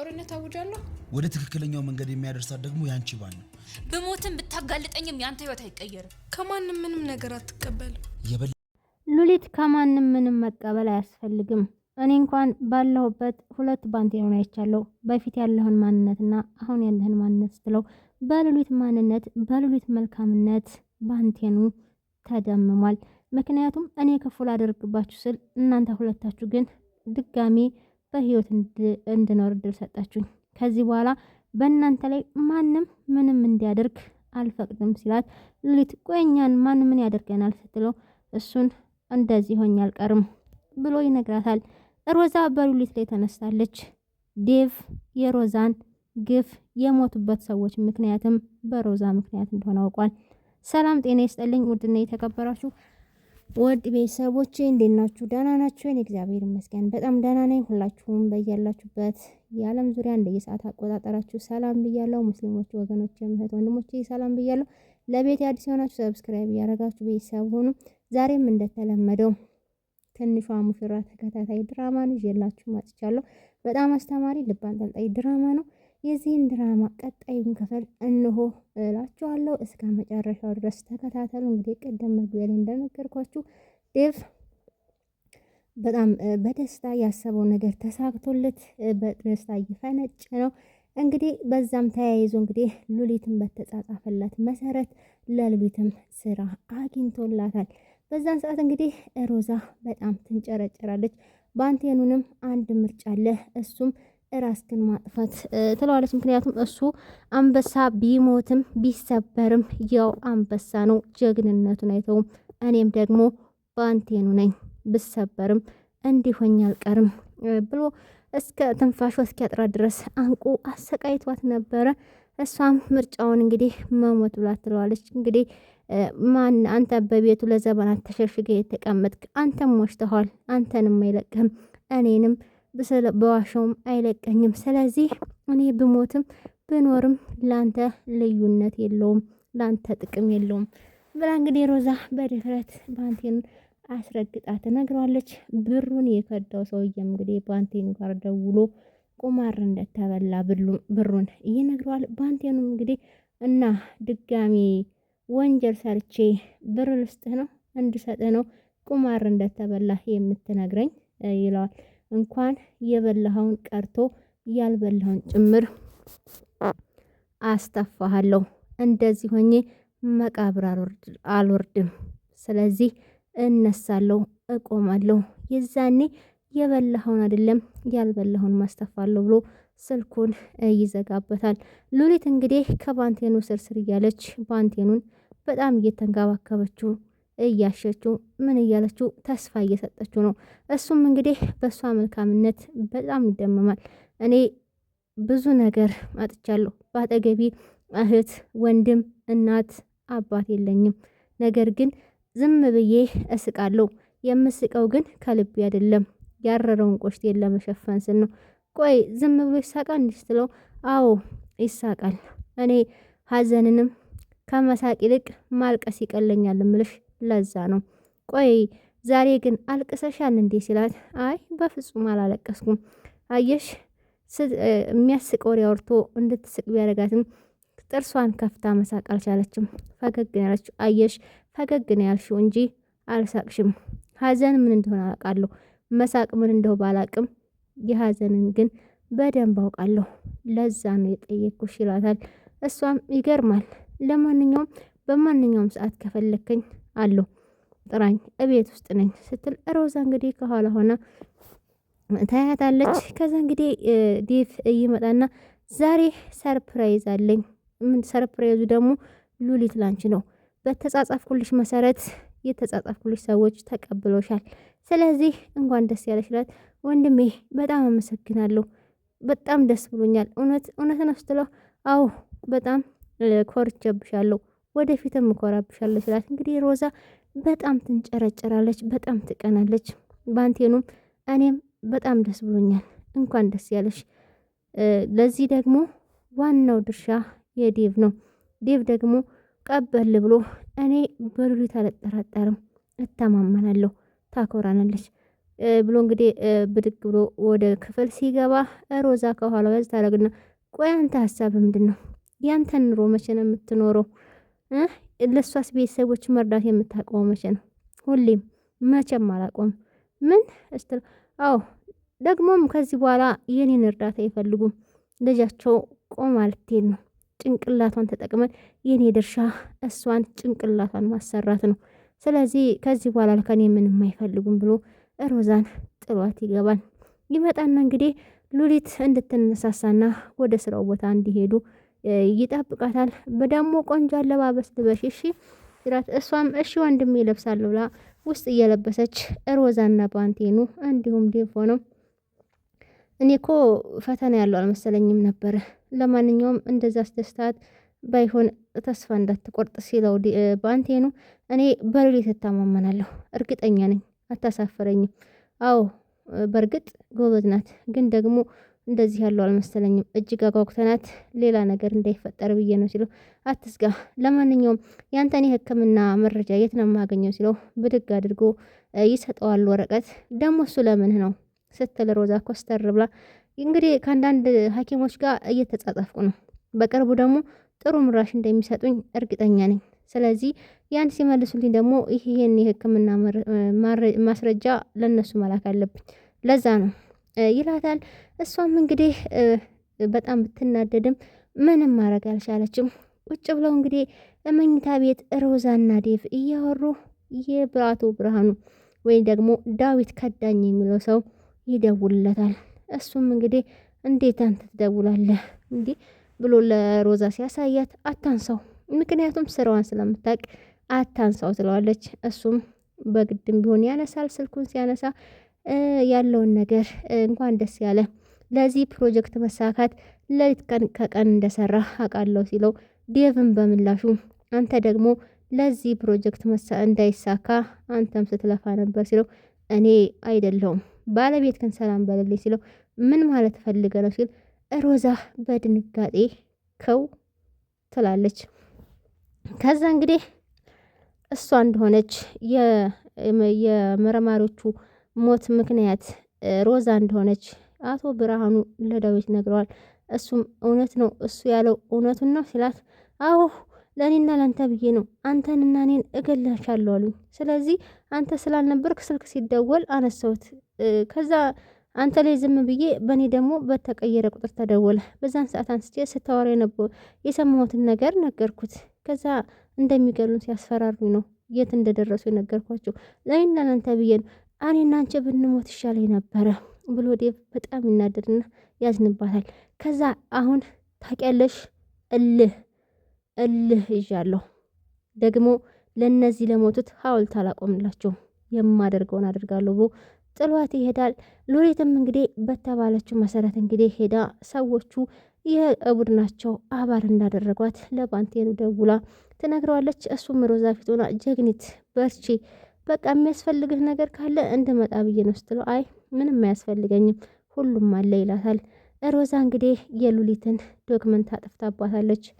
ጦርነት አውጃለሁ። ወደ ትክክለኛው መንገድ የሚያደርሳት ደግሞ ያንቺ ባል ነው። ብሞትም ብታጋልጠኝም ያንተ ህይወት አይቀየርም። ከማንም ምንም ነገር አትቀበልም። ሉሊት ከማንም ምንም መቀበል አያስፈልግም። እኔ እንኳን ባለሁበት ሁለት ባንቴሮን አይቻለሁ። በፊት ያለህን ማንነትና አሁን ያለህን ማንነት ስትለው በሉሊት ማንነት በሉሊት መልካምነት ባንቴኑ ተደምሟል። ምክንያቱም እኔ ክፉ ላደርግባችሁ ስል እናንተ ሁለታችሁ ግን ድጋሜ በህይወት እንድኖር እድል ሰጣችሁኝ። ከዚህ በኋላ በእናንተ ላይ ማንም ምንም እንዲያደርግ አልፈቅድም ሲላት፣ ሉሊት ቆኛን ማን ምን ያደርገናል ስትለው፣ እሱን እንደዚህ ሆኜ አልቀርም ብሎ ይነግራታል። ሮዛ በሉሊት ላይ ተነስታለች። ዴቭ የሮዛን ግፍ የሞቱበት ሰዎች ምክንያትም በሮዛ ምክንያት እንደሆነ አውቋል። ሰላም ጤና ይስጠልኝ ውድና የተከበራችሁ ወድ ቤተሰቦቼ እንዴት ናችሁ? ደህና ናችሁ? እኔ እግዚአብሔር ይመስገን በጣም ደህና ነኝ። ሁላችሁም በያላችሁበት የዓለም ዙሪያ የሰዓት አቆጣጠራችሁ ሰላም ብያለሁ። ሙስሊሞች ወገኖች፣ እህት ወንድሞቼ ሰላም ብያለሁ። ለቤት አዲስ የሆናችሁ ሰብስክራይብ እያደረጋችሁ ቤተሰብ ሆኑ። ዛሬም እንደተለመደው ትንሿ ሙሽራ ተከታታይ ድራማን ይዤላችሁ መጥቻለሁ። በጣም አስተማሪ ልብ አንጠልጣይ ድራማ ነው። የዚህን ድራማ ቀጣዩን ክፍል እንሆ እላችኋለሁ። እስከ መጨረሻው ድረስ ተከታተሉ። እንግዲህ ቅድም መግቢያ ላይ እንደነገርኳችሁ ዴቭ በጣም በደስታ ያሰበው ነገር ተሳክቶለት በደስታ እየፈነጭ ነው። እንግዲህ በዛም ተያይዞ እንግዲህ ሉሊትን በተጻጻፈላት መሰረት ለሉሊትም ስራ አግኝቶላታል። በዛን ሰዓት እንግዲህ ሮዛ በጣም ትንጨረጨራለች። በአንቴኑንም አንድ ምርጫ አለ እሱም ራስህን ማጥፋት ትለዋለች። ምክንያቱም እሱ አንበሳ ቢሞትም ቢሰበርም ያው አንበሳ ነው፣ ጀግንነቱን አይተውም። እኔም ደግሞ ባንቴኑ ነኝ፣ ብሰበርም እንዲሆኝ አልቀርም ብሎ እስከ ትንፋሹ እስኪያጥራ ድረስ አንቁ አሰቃይቷት ነበረ። እሷም ምርጫውን እንግዲህ መሞት ብላ ትለዋለች። እንግዲህ ማን አንተ በቤቱ ለዘመናት ተሸሽገ የተቀመጥክ አንተም ሞሽተኋል፣ አንተንም አይለቅህም እኔንም በዋሻውም አይለቀኝም። ስለዚህ እኔ ብሞትም ብኖርም ላንተ ልዩነት የለውም፣ ላንተ ጥቅም የለውም ብላ እንግዲህ ሮዛ በድፍረት ባንቴን አስረግጣ ትነግረዋለች። ብሩን የከዳው ሰውዬም እንግዲህ ባንቴን ጋር ደውሎ ቁማር እንደተበላ ብሩን ይነግረዋል። ባንቴኑም እንግዲህ እና ድጋሚ ወንጀል ሰርቼ ብር ልስጥህ ነው እንድሰጥህ ነው ቁማር እንደተበላ የምትነግረኝ ይለዋል። እንኳን የበላኸውን ቀርቶ ያልበላኸውን ጭምር አስተፋሃለሁ። እንደዚህ ሆኜ መቃብር አልወርድም። ስለዚህ እነሳለሁ፣ እቆማለሁ። የዛኔ የበላኸውን አይደለም ያልበላኸውን ማስተፋለሁ ብሎ ስልኩን ይዘጋበታል። ሉሊት እንግዲህ ከባንቴኑ ስርስር እያለች ባንቴኑን በጣም እየተንከባከበችው እያሸችው ምን እያለችው ተስፋ እየሰጠችው ነው። እሱም እንግዲህ በእሷ መልካምነት በጣም ይደመማል። እኔ ብዙ ነገር አጥቻለሁ። በአጠገቢ እህት፣ ወንድም፣ እናት፣ አባት የለኝም። ነገር ግን ዝም ብዬ እስቃለሁ። የምስቀው ግን ከልቤ አይደለም፣ ያረረውን ቆሽቴን ለመሸፈን ስል ነው። ቆይ ዝም ብሎ ይሳቃል እንዲህ ስትለው፣ አዎ ይሳቃል። እኔ ሀዘንንም ከመሳቅ ይልቅ ማልቀስ ይቀለኛል ምልሽ ለዛ ነው። ቆይ ዛሬ ግን አልቅሰሻል እንዴ ሲላት፣ አይ በፍጹም አላለቀስኩም። አየሽ የሚያስቅ ወሬ አውርቶ እንድትስቅ ቢያደርጋትም ጥርሷን ከፍታ መሳቅ አልቻለችም። ፈገግ ነው ያለችው። አየሽ ፈገግ ነው ያልሽው እንጂ አልሳቅሽም። ሀዘን ምን እንደሆነ አውቃለሁ። መሳቅ ምን እንደው ባላቅም የሀዘንን ግን በደንብ አውቃለሁ። ለዛ ነው የጠየቅኩሽ ይላታል። እሷም ይገርማል። ለማንኛውም በማንኛውም ሰዓት ከፈለከኝ አሉ ጥራኝ እቤት ውስጥ ነኝ ስትል ሮዛ እንግዲህ ከኋላ ሆና ታያታለች። ከዛ እንግዲህ ዴቭ እይመጣና ዛሬ ሰርፕራይዝ አለኝ። ምን ሰርፕራይዙ ደግሞ ሉሊት ላንች ነው። በተጻጻፍኩልሽ መሰረት የተጻጻፍኩልሽ ሰዎች ተቀብሎሻል። ስለዚህ እንኳን ደስ ያለሽ ወንድሜ በጣም አመሰግናለሁ፣ በጣም ደስ ብሎኛል። እውነት እውነት ነው ስትለው አዎ በጣም ኮርቼብሻለሁ ወደፊትም እኮራብሻለሁ ሲላት እንግዲህ ሮዛ በጣም ትንጨረጨራለች፣ በጣም ትቀናለች። ባንቴኑም እኔም በጣም ደስ ብሎኛል፣ እንኳን ደስ ያለሽ። ለዚህ ደግሞ ዋናው ድርሻ የዴቭ ነው። ዴቭ ደግሞ ቀበል ብሎ እኔ በሉሊት አልጠራጠርም፣ እተማመናለሁ፣ ታኮራናለች ብሎ እንግዲህ ብድግ ብሎ ወደ ክፍል ሲገባ ሮዛ ከኋላ ያዝ ታደርግና ቆይ አንተ ሀሳብ ምንድን ነው? ያንተን ኑሮ መቼ ነው የምትኖረው? ለእሷስ ቤተሰቦች መርዳት የምታቆመው መቼ ነው? ሁሌም መቼም አላቆም። ምን ስትል አዎ፣ ደግሞም ከዚህ በኋላ የኔን እርዳታ አይፈልጉም። ልጃቸው ቆም ነው። ጭንቅላቷን ተጠቅመን የኔ ድርሻ እሷን ጭንቅላቷን ማሰራት ነው። ስለዚህ ከዚህ በኋላ ከኔ ምንም አይፈልጉም ብሎ ሮዛን ጥሏት ይገባል። ይመጣና እንግዲህ ሉሊት እንድትነሳሳና ወደ ስራው ቦታ እንዲሄዱ ይጠብቃታል። በደሞ ቆንጆ አለባበስ ልበሽ እሺ ሲላት እሷም እሺ ወንድም ይለብሳሉ ብላ ውስጥ እየለበሰች ሮዛና ባንቴኑ እንዲሁም ዲፎ ነው። እኔ ፈተና ያለው አልመሰለኝም ነበር። ለማንኛውም እንደዛ አስደስታት ባይሆን ተስፋ እንዳትቆርጥ ሲለው ባንቴኑ እኔ በሌሊት እታማመናለሁ፣ እርግጠኛ ነኝ፣ አታሳፍረኝም። አዎ በእርግጥ ጎበዝ ናት፣ ግን ደግሞ እንደዚህ ያለው አልመሰለኝም። እጅግ አጓጉተናት ሌላ ነገር እንዳይፈጠር ብዬ ነው ሲለው፣ አትስጋ፣ ለማንኛውም ያንተን የሕክምና መረጃ የት ነው የማገኘው ሲለው፣ ብድግ አድርጎ ይሰጠዋል ወረቀት። ደግሞ እሱ ለምን ነው ስትል ሮዛ ኮስተር ብላ እንግዲህ ከአንዳንድ ሐኪሞች ጋር እየተጻጻፍኩ ነው። በቅርቡ ደግሞ ጥሩ ምራሽ እንደሚሰጡኝ እርግጠኛ ነኝ። ስለዚህ ያን ሲመልሱልኝ ደግሞ ይህን የሕክምና ማስረጃ ለእነሱ መላክ አለብኝ። ለዛ ነው ይላታል። እሷም እንግዲህ በጣም ብትናደድም ምንም ማድረግ አልቻለችም። ቁጭ ብለው እንግዲህ እመኝታ ቤት ሮዛና ዴቭ እያወሩ የብራቱ ብርሃኑ ወይም ደግሞ ዳዊት ከዳኝ የሚለው ሰው ይደውልለታል። እሱም እንግዲህ እንዴት አንተ ትደውላለህ እንዲህ ብሎ ለሮዛ ሲያሳያት አታንሳው፣ ምክንያቱም ስራዋን ስለምታውቅ አታንሳው ትለዋለች። እሱም በግድም ቢሆን ያነሳል። ስልኩን ሲያነሳ ያለውን ነገር እንኳን ደስ ያለ ለዚህ ፕሮጀክት መሳካት ለሊት ቀን ከቀን እንደሰራ አውቃለሁ ሲለው ዴቭም በምላሹ አንተ ደግሞ ለዚህ ፕሮጀክት እንዳይሳካ አንተም ስትለፋ ነበር ሲለው እኔ አይደለሁም ባለቤት ግን ሰላም በልልኝ ሲለው ምን ማለት ፈልገ ነው ሲል ሮዛ በድንጋጤ ከው ትላለች። ከዛ እንግዲህ እሷ እንደሆነች የመረማሪዎቹ ሞት ምክንያት ሮዛ እንደሆነች አቶ ብርሃኑ ለዳዊት ነግረዋል። እሱም እውነት ነው እሱ ያለው እውነቱን ነው ሲላት፣ አዎ ለእኔና ለአንተ ብዬ ነው አንተንና እኔን እገላሻለሁ አሉኝ። ስለዚህ አንተ ስላልነበርክ ስልክ ሲደወል አነሳሁት። ከዛ አንተ ላይ ዝም ብዬ በእኔ ደግሞ በተቀየረ ቁጥር ተደወለ። በዛን ሰዓት አንስቼ ስታወራ ነበር የሰማሁትን ነገር ነገርኩት። ከዛ እንደሚገሉን ሲያስፈራሩኝ ነው የት እንደደረሱ የነገርኳቸው። ለእኔና ለአንተ ብዬ ነው እኔ እናንቸ ብንሞት ይሻለኝ ነበረ ብሎ ዴቭ በጣም ይናደድና ያዝንባታል። ከዛ አሁን ታውቂያለሽ እልህ እልህ ይዣለሁ። ደግሞ ለእነዚህ ለሞቱት ሐውልት አላቆምላቸውም የማደርገውን አድርጋለሁ ብሎ ጥሏት ይሄዳል። ሎሬትም እንግዲህ በተባለችው መሰረት እንግዲህ ሄዳ ሰዎቹ የቡድናቸው አባል እንዳደረጓት ለባንቴኑ ደውላ ትነግረዋለች። እሱም ሮዛ ፊት ሆና ጀግኒት በርቺ በቃ የሚያስፈልግህ ነገር ካለ እንድመጣ ብዬ ነው ስትለው አይ ምንም አያስፈልገኝም ሁሉም አለ ይላታል። ሮዛ እንግዲህ የሉሊትን ዶክመንት አጥፍታባታለች